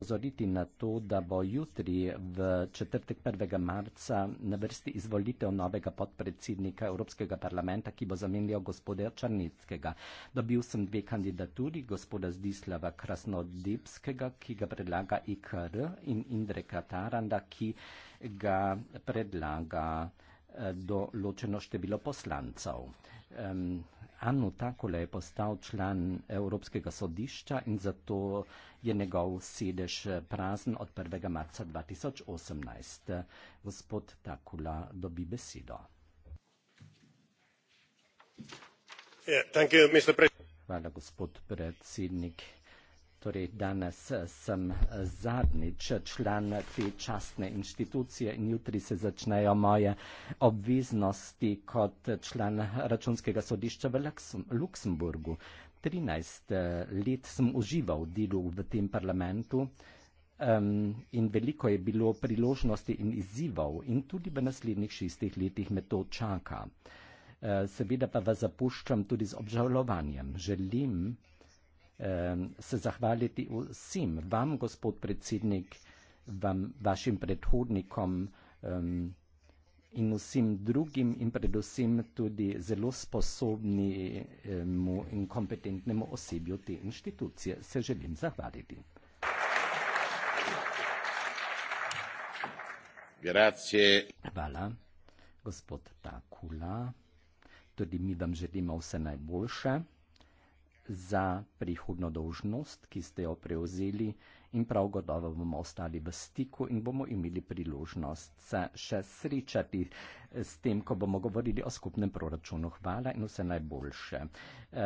opozoriti na to, da bo jutri v četrtek 1. marca na vrsti izvolitev novega podpredsednika Evropskega parlamenta, ki bo zamenjal gospoda Črnickega. Dobil sem dve kandidaturi, gospoda Zdislava Krasnodepskega, ki ga predlaga IKR in Indreka Taranda, ki ga predlaga. Eh, določeno število poslancev. Um, Anu takole je postal član Evropskega sodišča in zato je njegov sedež eh, prazen od 1. marca 2018. Gospod Takula dobi besedo. Yeah, you, Hvala, gospod predsednik. Torej, danes eh, sem eh, zadnjič član te častne inštitucije in jutri se začnejo moje obveznosti kot član računskega sodišča v Luksemburgu. 13 eh, let sem užival delu v tem parlamentu um, in veliko je bilo priložnosti in izzivov in tudi v naslednjih šestih letih me to čaka. Uh, seveda pa vas zapuščam tudi z obžalovanjem. Želim se zahvaliti vsem, vam, gospod predsednik, vam, vašim predhodnikom um, in vsem drugim in predvsem tudi zelo sposobnemu in kompetentnemu osebju te inštitucije. Se želim zahvaliti. Grazie. Hvala, gospod Takula. Tudi mi vam želimo vse najboljše za prihodno dožnost, ki ste jo prevzeli in prav gotovo bomo ostali v stiku in bomo imeli priložnost se še srečati eh, s tem, ko bomo govorili o skupnem proračunu. Hvala in vse najboljše. E,